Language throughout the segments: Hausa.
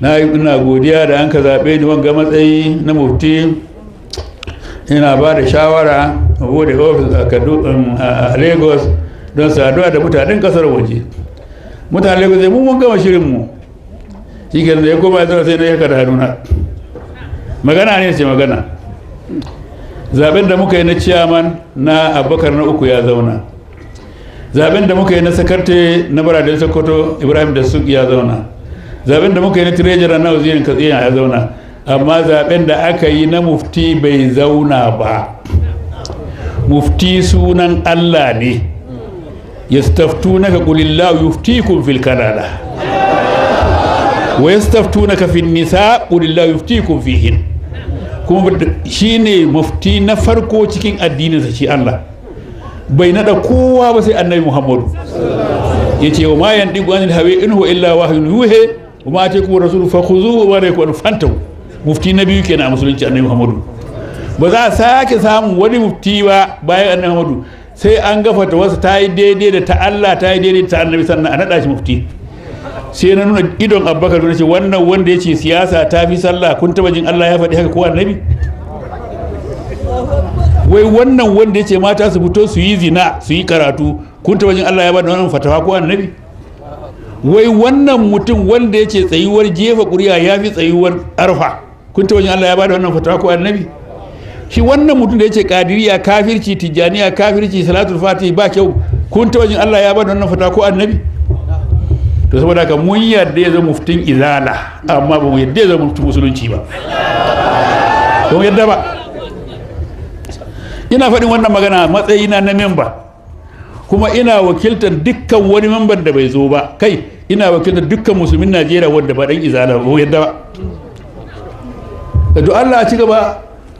na yi ina godiya da an ka zaɓe ni wanga matsayi na mufti ina ba da shawara a bude ofis a um, lagos don saduwa da mutanen kasar waje mutanen lagos zai mun gama shirinmu shi ke da ya koma zuwa sai na kada da hannuna magana ne ce magana zaɓen da muka yi na ciyaman na abubakar na uku ya zauna zaɓen da muka yi na sakarte na baradar sokoto ibrahim da ya zauna zaben da muka yi na tirejira na wazirin katsina ya zauna amma zaben da aka yi na mufti bai zauna ba mufti sunan allah ne ya yastaftunaka qulillahu yuftikum fil kalala wa ya yastaftunaka fin nisa yufti kun fihin kuma shi ne mufti na farko cikin addininsa shi allah bai nada kowa ba sai annabi muhammadu ya ce wa ma yandigu anil hawa in huwa illa wahyun yuhe kuma a ce kuma rasulu fa khuzu wa bare ku fantu mufti na biyu kenan a musulunci annabi muhammadu ba za a sake samun wani mufti ba bayan annabi muhammadu sai an gafata wasu ta yi daidai da ta Allah ta yi daidai da ta annabi sannan a naɗa shi mufti sai na nuna idon abbakar na ce wannan wanda ya ce siyasa ta fi sallah kun taba jin Allah ya faɗi haka ko annabi wai wannan wanda ya ce mata su fito su yi zina su yi karatu kun taba jin Allah ya bada wannan fatawa ko annabi wai wannan mutum wanda yake tsayuwar jefa ƙuri'a ya fi tsayuwar arfa kun ta wajen Allah ya bada wannan fatawa ko annabi shi wannan mutum da yake kadiriya kafirci tijaniya kafirci salatul fatih ba kyau kun ta wajen Allah ya bada wannan fatawa ko annabi to saboda haka mun yadda ya zama muftin izala amma ba mu yadda ya zama muftin musulunci ba ba mu ba ina faɗin wannan magana matsayina na memba kuma ina wakiltar dukkan wani mamban da bai zo ba kai ina wakiltar dukkan musulmin najeriya wanda ba dan izala ba yadda ba da duk allah a ci gaba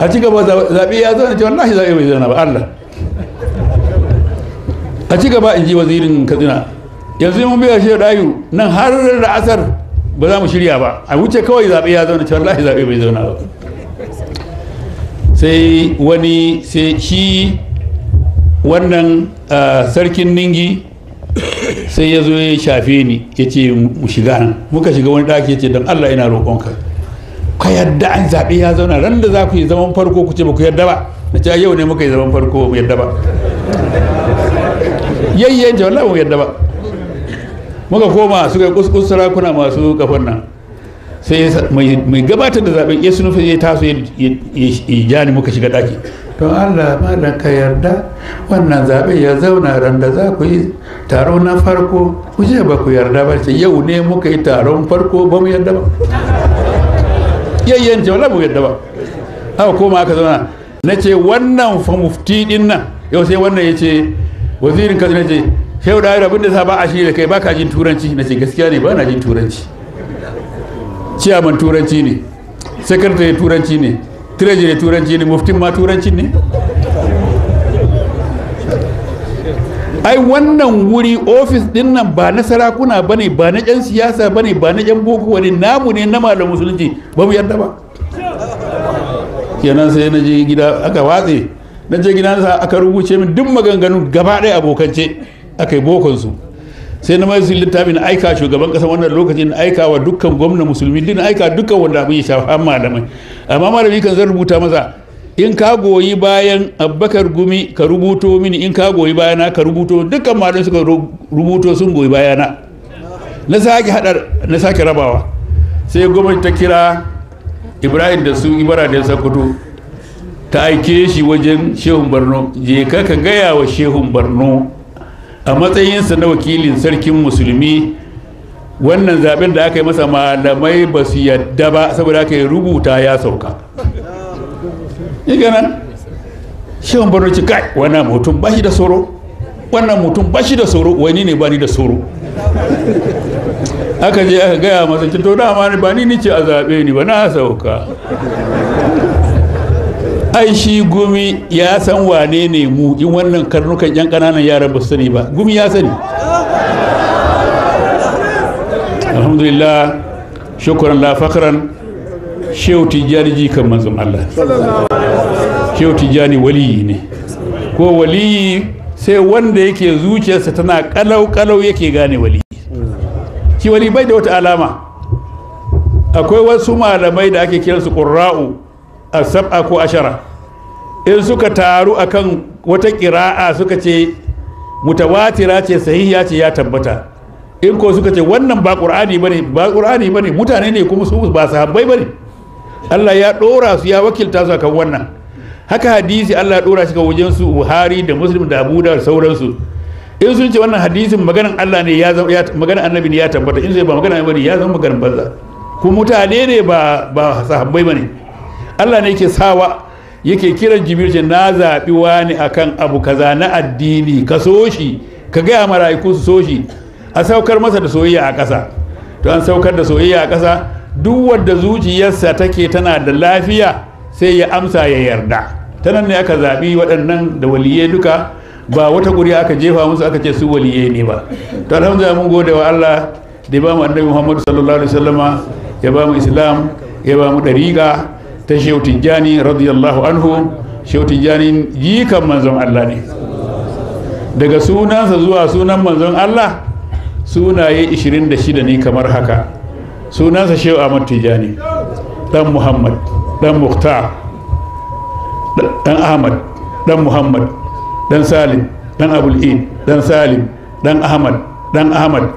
a ci gaba zaɓe ya zo na ce wallahi zaɓe bai zana ba allah a ci gaba in ji wazirin katsina yanzu mun biya shi dayu nan har da asar ba za mu shirya ba a wuce kawai zaɓe ya zauna cewa wallahi zaɓe bai zauna ba sai wani sai shi wannan sarkin ningi sai ya zo ya shafe ni ya ce mu shiga nan muka shiga wani ɗaki ya ce don allah ina roƙonka ka yadda an zaɓe ya zauna ran da za ku yi zaman farko ku ce ba ku yadda ba na ce yau ne muka yi zaman farko mu yadda ba yayyen ce wallahi mu yadda ba muka koma suka yi kuskus sarakuna masu kafan nan sai mai gabatar da zaɓen ya sunufa ya taso ya ja ni muka shiga ɗaki To allah malam ka yarda wannan zaɓe ya zauna ran da za ku yi taro na farko ku je ba ku yarda ba ce yau ne muka yi taron farko ba mu yarda ba yayyance wala mu yarda ba haka koma aka zauna na ce wannan fa mufti din nan yau sai wannan ya ce wazirin kasu na ce shehu da abin da sa ba a shi da kai ba ka jin turanci na ce gaskiya ne ba na jin turanci ciyaman turanci ne sakatare turanci ne treasury turanci ne muftin ma turanci ne ai wannan wuri ofis din nan ba na sarakuna ba ne ba na 'yan siyasa ba ne ba na 'yan boko wani namu ne na malam musulunci ba mu yarda ba kenan sai na je gida aka watse na je gida aka rubuce min duk maganganun gaba ɗaya abokance aka yi bokonsu sai na mai littafin aika shugaban kasa wannan lokacin aika wa dukkan gwamnan musulmi din aika dukkan wanda abin ya shafa malamai amma malami kan zan rubuta masa in ka goyi bayan abbakar gumi ka rubuto mini in ka goyi bayana ka rubuto dukkan malamai suka rubuto sun goyi bayana na sake hadar na sake rabawa sai gwamnati ta kira ibrahim da su ibara da sakoto ta aike shi wajen shehun barno je ka ka gaya wa shehun barno a matsayinsa na wakilin sarkin musulmi wannan zaben da aka yi masa malamai ba su yadda ba saboda aka yi rubuta ya sauka ganan shewan barno ci kai wannan mutum ba shi da tsoro wannan mutum ba shi da tsoro wani ne ba ni da tsoro aka je aka gaya masa to dama ba ni ni ce a zaɓe ni ba na sauka ai shi gumi ya san wane ne mu in wannan karnukan yan kananan yaran ba su sani ba gumi ya sani alhamdulillah shukran la fakran shehu tijjani kan manzon Allah shehu tijjani waliyi ne ko waliyi sai wanda yake zuciyarsa tana kalau kalau yake gane waliyi shi wali bai da wata alama akwai wasu malamai da ake kiransu qurra'u a sab'a ko ashara in suka taru akan wata kira'a suka ce mutawatira ce sahihiya ce ya tabbata in ko suka ce wannan ba ƙur'ani bane ba ƙur'ani bane mutane ne kuma su ba sahabbai bane Allah ya ɗora su ya wakilta su akan wannan haka hadisi Allah ya ɗora shi ga wajen su Buhari da Muslim da Abu da sauransu in sun ce wannan hadisin maganan Allah ne ya maganan annabi ne ya tabbata in sai ba maganan ne ya zama maganan banza ku mutane ne ba ba sahabbai bane Allah ne yake sawa yake kiran jibril ce na zaɓi wani akan abu kaza na addini ka so shi ka gaya mara'iku su so shi a saukar masa da soyayya a ƙasa to an saukar da soyayya a ƙasa duk wadda zuciyarsa take tana da lafiya sai ya amsa ya yarda ta nan ne aka zaɓi waɗannan da waliyai duka ba wata guri aka jefa musu aka ce su waliyai ne ba to alhamdulillah mun gode wa Allah da ba mu annabi Muhammad sallallahu alaihi wasallama ya ba mu islam ya ba mu riga. ta shehu tijjani radiyallahu anhu shehu tijjani jikan manzon Allah ne daga sunansa zuwa sunan manzon Allah sunaye 26 ne kamar haka sunansa shehu Ahmad tijjani dan Muhammad dan Mukta dan Ahmad dan Muhammad dan Salim dan Abul Eid dan Salim dan Ahmad dan Ahmad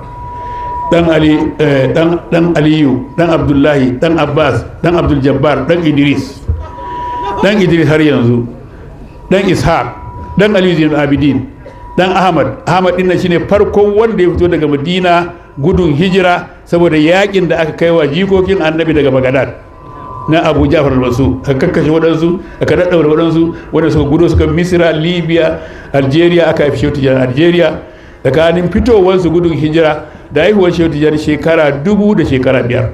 dan ali eh, dan dan aliyu dan abdullahi dan abbas dan abdul jabbar dan idris dan idris har yanzu dan ishaq dan aliyu bin abidin dan ahmad ahmad din shine farkon wanda ya fito daga madina gudun hijira saboda yakin da aka kai wa jikokin annabi daga bagadad na abu jafar al-masu aka kakkashe waɗansu aka daddaura waɗansu wanda suka gudu suka misira libya algeria aka haifi shautu algeria tsakanin fitowarsu gudun hijira da haihuwar shehu tijjani shekara dubu da shekara biyar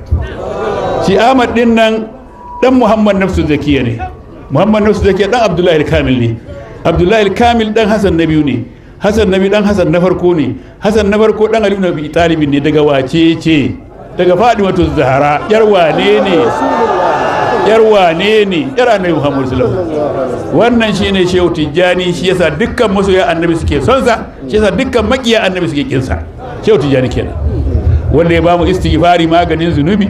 shi ahmad din nan dan muhammad nafsu zakiya ne muhammad nafsu zakiya dan abdullahi kamil ne abdullahi kamil dan hasan na biyu ne hasan na biyu dan hasan na farko ne hasan na farko dan ali na biyu talibin ne daga wace ce daga wato zahara yar wane ne yar wane ne yar annabi muhammad sallallahu alaihi wannan shine shehu tijjani shi yasa dukkan masoya annabi suke son sa shi yasa dukkan makiya annabi suke kinsa shehu tijjani kenan wanda ya bamu istighfari maganin zunubi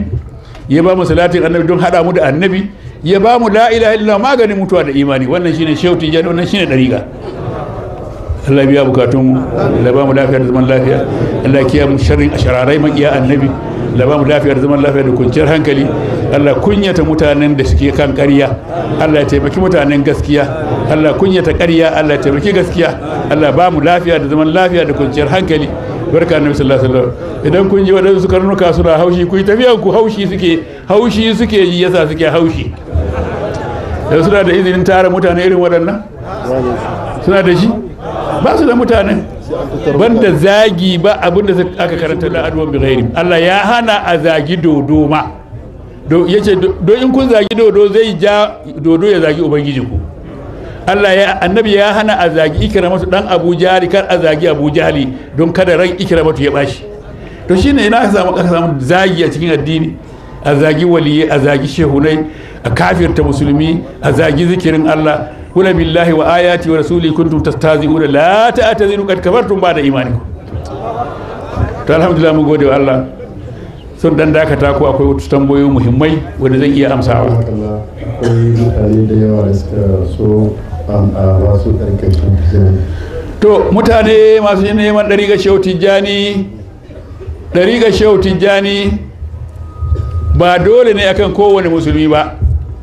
ya bamu salatin annabi don hada mu da annabi ya bamu la ilaha illa maganin mutuwa da imani wannan shine shehu tijjani wannan shine dariqa Allah biya bukatun mu Allah ba mu lafiya da zaman lafiya Allah kiya mu sharrin ashararai makiya annabi Allah ba mu lafiya da zaman lafiya da kunciyar hankali Allah kunyata mutanen da suke kan ƙarya Allah ya taimaki mutanen gaskiya Allah kunyata ƙarya Allah ya taimaki gaskiya Allah ba mu lafiya da zaman lafiya da kunciyar hankali barka annabi sallallahu alaihi wasallam idan kun ji waɗansu karnuka suna haushi ku yi tafiyan ku haushi suke haushi suke yi yasa suke haushi da suna da izinin tara mutane irin waɗannan suna da shi ba su da mutane banda zagi ba abin da aka karanta da adwan bighairi Allah ya hana a zagi dodo ma do yace do in kun zagi dodo zai ja dodo ya zagi ubangiji ku Allah ya annabi ya hana a zagi ikramatu dan Abu Jahali kar a zagi Abu Jahali don kada ran ikramatu ya bashi to shine ina ka samu ka samu zagi a cikin addini a zagi waliyyi a zagi shehunai a ta musulmi a zagi zikirin Allah kula billahi wa ayati wa rasuli kuntum tastazi'una la ta'tazinu kad kafartum ba'da imanikum to alhamdulillah mu gode wa Allah sun dan dakata ko akwai wasu tambayoyi muhimmai wanda zan iya amsawa akwai mutane da yawa da so to mutane masu neman ɗari ga shehu tijjani ɗari ga shehu tijjani ba dole ne akan kowane musulmi ba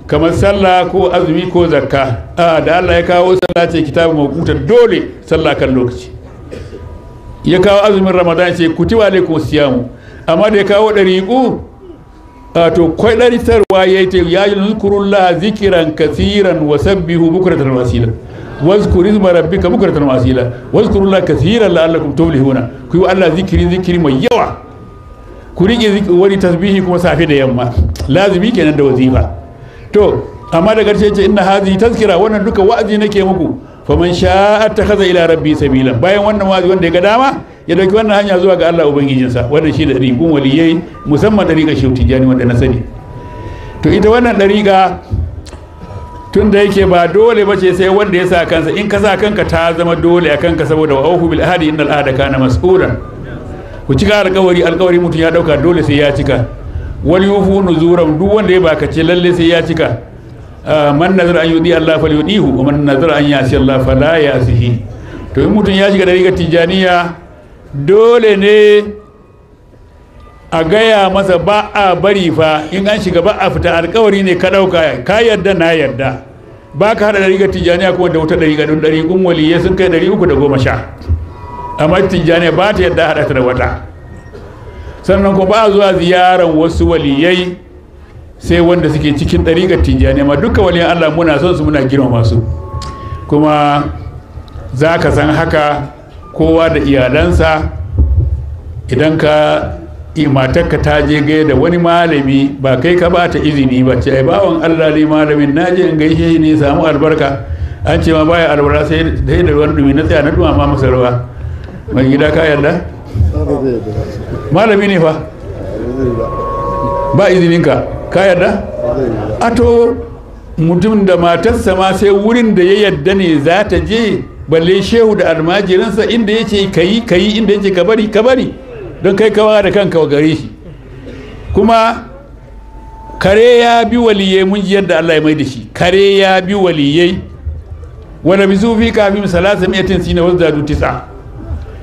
kamar sallah ko azumi ko zakka a da Allah ya kawo sallah ce kitabu mawquta dole sallah kan lokaci ya kawo azumin ramadan ce kutiba ko siyamu amma da ya kawo ɗari ɗariƙu to kwaɗaritarwa ya yi ya yi zukurullah zikiran kasiran wa sabbihu bukratan wasila wazkuri wasila wazkurullah kasiran la'allakum tuflihuna ku yi Allah zikiri zikiri mai yawa ku riƙe wani tasbihi kuma safe da yamma lazimi kenan da wazifa to amma da ƙarshe ce inna hazi tazkira wannan duka wa'azi nake muku faman sha'a ta kaza ila rabbi sabila bayan wannan wa'azi wanda ya ga dama ya dauki wannan hanya zuwa ga Allah ubangijinsa wannan shi da rigun waliyai musamman ɗariƙa shi tijjani wanda na sani to ita wannan dariga tun da yake ba dole ba ce sai wanda ya sa kansa in ka sa kanka ta zama dole a kanka saboda wa auhu bil ahadi innal ahada kana mas'ulan ku cika alƙawari alƙawari mutum ya dauka dole sai ya cika wal yufu nuzuram duk wanda ya baka ce lalle sai ya cika ah, man nazara an yudi Allah yudihu wa man nazara an yasi Allah fala yasihi to in mutum ya shiga dariga tijaniya dole ne a gaya masa ba a bari fa in an shiga ba a fita alkawari ne ka ɗauka ka yarda na yarda ba ka haɗa ga tijjaniya kuma da wuta ɗariƙa don kun waliyai sun kai ɗari uku da goma sha amma tijjaniya ba ta yarda haɗa ta da wata sannan kuma ba zuwa ziyaran wasu waliyai sai wanda suke cikin ga tijjaniya ma duka waliyan allah muna son su muna girmama su kuma za ka san haka kowa da iyalansa idan ka matarka ta je gaya da wani malami ba kai ka ba ta izini ba ce bawan Allah ne malamin na je in gaishe shi ne samu albarka an ce ma baya albara sai da yi da ruwan dumi na tsaya na duma ma masa ruwa mai gida ka yarda malami ne fa ba izininka ka ka yarda ato mutum da matarsa ma sai wurin da ya yadda ne za ta je balle shehu da almajirinsa inda ya ce ka yi ka yi inda ya ce ka bari ka bari don kai kawa da kanka wa gare shi kuma kare ya bi waliyai mun ji yadda Allah ya mai da shi kare ya bi waliyai wani bi su fi kafin salasa miyatin sina wasu zadu tisa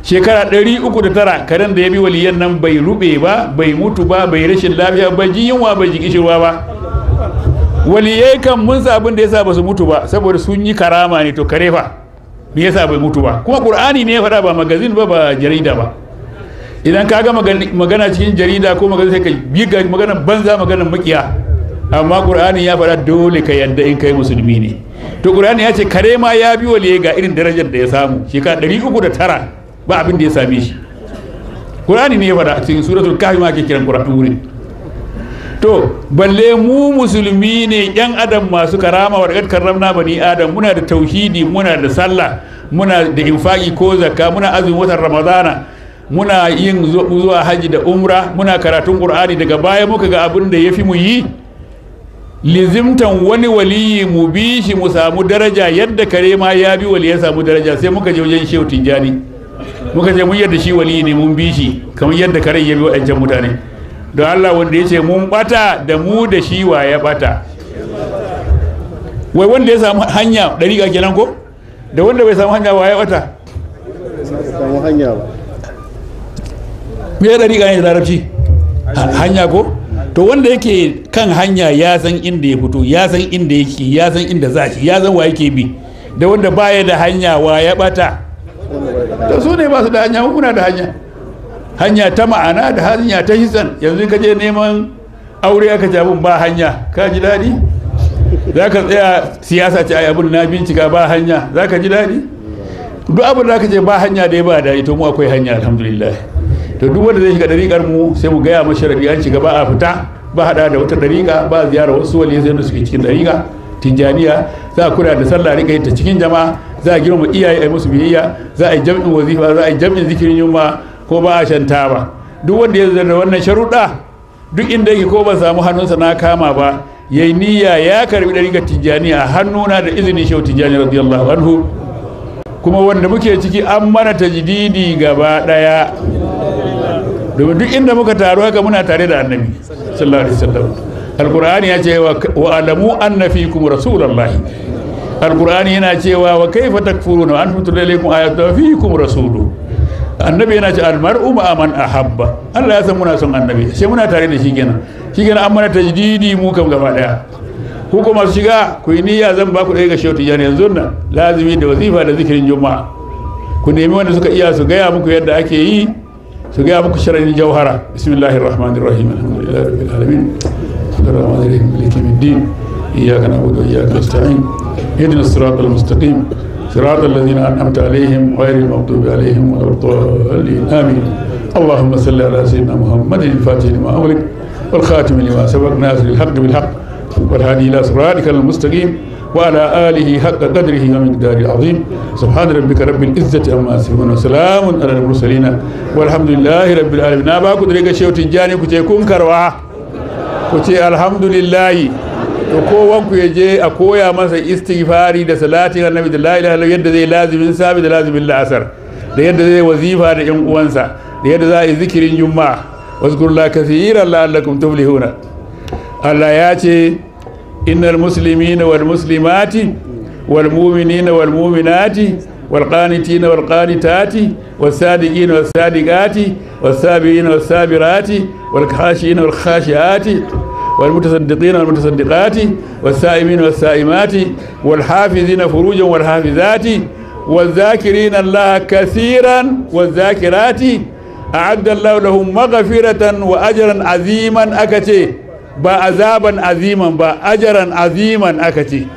shekara ɗari uku da tara karen da ya bi waliyan nan bai rube ba bai mutu ba bai rashin lafiya ba ji yunwa bai ji kishirwa ba waliyai kan mun sa da ya sa ba su mutu ba saboda sun yi karama ne to kare fa me yasa bai mutu ba kuma qur'ani ne ya fada ba magazin ba ba jarida ba idan ka ga magana cikin jarida ko magana sai ka ga magana banza magana makiya amma qur'ani ya fada dole ka yadda in kai musulmi ne to qur'ani ya ce kare ma ya bi wale ga irin darajar da ya samu shekara ɗari uku ba abin da ya same shi qur'ani ne ya fada cikin suratul kahfi ma ake kiran qur'ani to balle mu musulmi ne yan adam masu karama wa daga bani adam muna da tauhidi muna da sallah muna da infaki ko zakka muna azumin watan ramadana muna yin zuwa haji da umra muna karatun qur'ani daga baya muka ga abin da yafi mu yi lizimtan wani waliyi mu bi shi mu samu daraja yadda kare ma ya bi wali ya samu daraja sai muka je wajen shehu tijjani muka je mun yadda shi waliyi ne mun bi shi kamar yadda kare ya bi wa'ancan mutane don Allah wanda ya ce mun bata da mu da shi wa ya bata wai wanda ya samu hanya dariƙa kenan ko da wanda bai samu hanya wa ya bata me ya dariƙa ne da larabci hanya ko to wanda yake kan hanya ya san inda ya fito ya san inda yake ya san inda za shi ya san wa yake bi da wanda baya da hanya wa ya bata to su ne ba su da hanya kuna da hanya hanya ta ma'ana da hanya ta hisan yanzu ka je neman aure aka ce ba hanya ka ji daɗi za ka tsaya siyasa ce ai abin na bincika ba hanya za ka ji daɗi duk abin da ka je ba hanya da ya ba daɗi to mu akwai hanya alhamdulillah to duk wanda zai shiga ɗariƙar mu sai mu gaya mashi rabi an shiga ba a fita ba hada da wata ɗariƙa ba ziyara wasu wali sai da suke cikin ɗariƙa tijjaniya za a kula da sallah rika ta cikin jama'a za a girma iyaye a musu biyayya za a yi jam'in wazifa za a yi jam'in zikirin yunwa ko ba a shan taba duk wanda ya zana wannan sharuɗa duk inda yake ko ban samu hannunsa na kama ba yayi niyya ya karbi dari ga tijjani a hannuna da izinin shehu tijjani radiyallahu anhu kuma wanda muke ciki an mana tajdidi gaba daya domin duk inda muka taru haka muna tare da annabi sallallahu alaihi wasallam alqur'ani ya ce wa alamu anna fikum rasulullahi alqur'ani yana cewa wa kaifa takfuruna antum tulaikum ayatu fikum rasulullahi annabi yana ce almar'u ma aman ahabba Allah ya san muna son annabi sai muna tare da shi kenan shi kenan an mana tajdidi mu kam gaba daya ku kuma shiga ku yi niyya zan ba ku ɗaya ga shehu tijjani yanzu nan lazimi da wazifa da zikirin juma'a ku nemi wanda suka iya su gaya muku yadda ake yi su gaya muku sharadin jauhara bismillahir rahmanir rahim alhamdulillahi rabbil alamin الرحمن الرحيم مالك يوم iyyaka na'budu wa iyyaka nasta'in ihdinas siratal mustaqim صراط الذين أنعمت عليهم غير المغضوب عليهم ولا الضالين آمين اللهم صل على سيدنا محمد الفاتح لما أمرك والخاتم لما سبق ناصر الحق بالحق والهادي إلى صراطك المستقيم وعلى آله حق قدره ومقداره العظيم سبحان ربك رب العزة عما يصفون وسلام على المرسلين والحمد لله رب العالمين أبا كنت لك جاني تنجاني كنت يكون كنت الحمد لله وكوان كو يجي اكو يا ما سي استغفاري ده صلاتي النبي لا اله الا الله يد زي لازم انسابي ده لازم الله اثر ده يد زي وظيفه ده ان قوانسا ده يد زي ذكر يوم واذكر الله كثيرا لعلكم تفلحون الله ياتي ان المسلمين والمسلمات والمؤمنين والمؤمنات والقانتين والقانتات والصادقين والصادقات والسابعين والسابرات والخاشين والخاشعات والخاشين والخاشعات والمتصدقين والمتصدقات والسائمين والسائمات والحافظين فروجا والحافظات والذاكرين الله كثيرا والذاكرات أعد الله لهم مغفرة وأجرا عظيما أكتي بعذابا عظيما بأجرا عظيما أكتي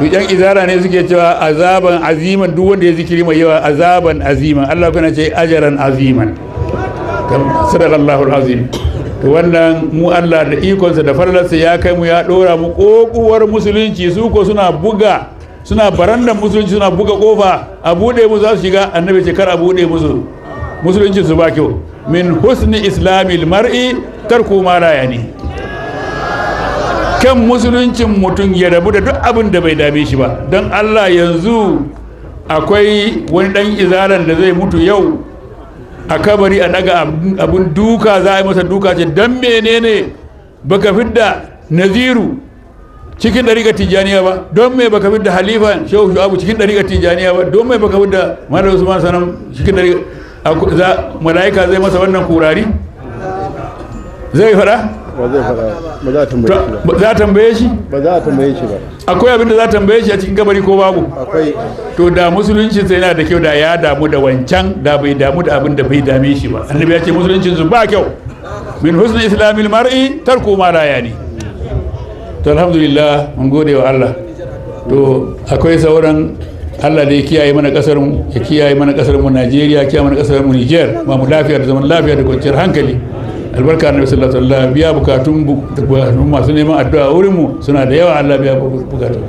yan izara ne suke cewa azaban aziman duk wanda ya zikiri mai yawa azaban aziman Allah kuna ce ajaran aziman sadaqallahu alazim to wannan mu Allah da ikonsa da fallarsa ya kai mu ya dora mu kokuwar musulunci su ko suna buga suna barandan musulunci suna buga kofa a bude mu za su shiga annabi ce kar a bude musu musulunci su ba kyau min husni islamil mar'i tarku ma la yani kan musuluncin mutum ya rabu da duk abin da bai dame shi ba don Allah yanzu akwai wani dan izalan da zai mutu yau a kabari a daga abun duka za a yi masa duka ce don menene baka fidda naziru cikin ɗariƙar tijjaniya ba don me baka fidda halifa shehu shu'abu cikin ɗariƙar tijjaniya ba don me baka fidda malam masu sanan cikin ɗariƙar za malaika zai masa wannan kurari zai fara ba zai ba za tambaye shi ba za tambaye shi tambaye shi ba akwai abin da za a tambaye shi a cikin gabari ko babu akwai to da musulunci sai yana da kyau da ya damu da wancan da bai damu da abin da bai dame shi ba annabi ya ce musuluncin su ba kyau min husni islamil mar'i tarku ma la yani to alhamdulillah mun gode wa Allah to akwai sauran Allah da ya kiyaye mana kasar mu ya kiyaye mana kasar mu Najeriya kiyaye mana kasar mu Niger ba mu lafiya da zaman lafiya da kwanciyar hankali albarka annabi sallallahu alaihi biya bukatun masu neman addu'a wurin mu suna da yawa Allah biya bukatun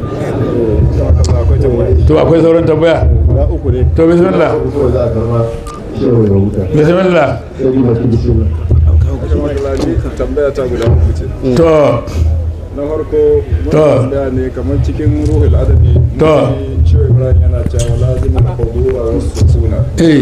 to akwai sauran tambaya to bismillah bismillah to na farko tambaya ne kamar cikin ruhul adabi to shi ibrahim yana cewa lazimin qawlu wa sunna eh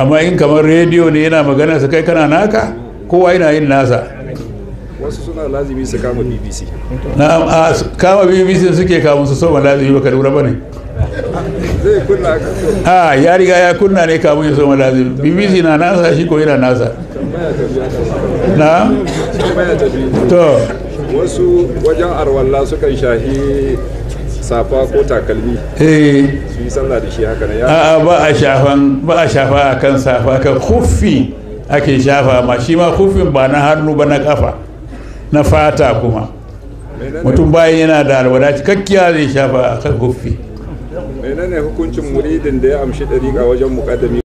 amma in kamar rediyo ne yana magana su kai kana naka kowa yana yin nasa wasu suna lazimi su kama bbc na'am a kama bbc suke kamun su soma lazimi baka lura bane zai kunna a ya riga ya kunna ne kamun ya soma lazimi bbc na nasa shi ko yana nasa na to wasu wajen arwalla sukan shahi safa ko takalmi eh yi da shi haka ne a'a ba a shafan ba a shafa akan safa ka khuffi ake shafa ma shi ma khuffin ba na hannu ba na kafa na fata kuma mutum bayan yana da alwada cikakkiya zai shafa akan khuffi menene hukuncin muridin da ya amshi dariƙa wajen muƙaddami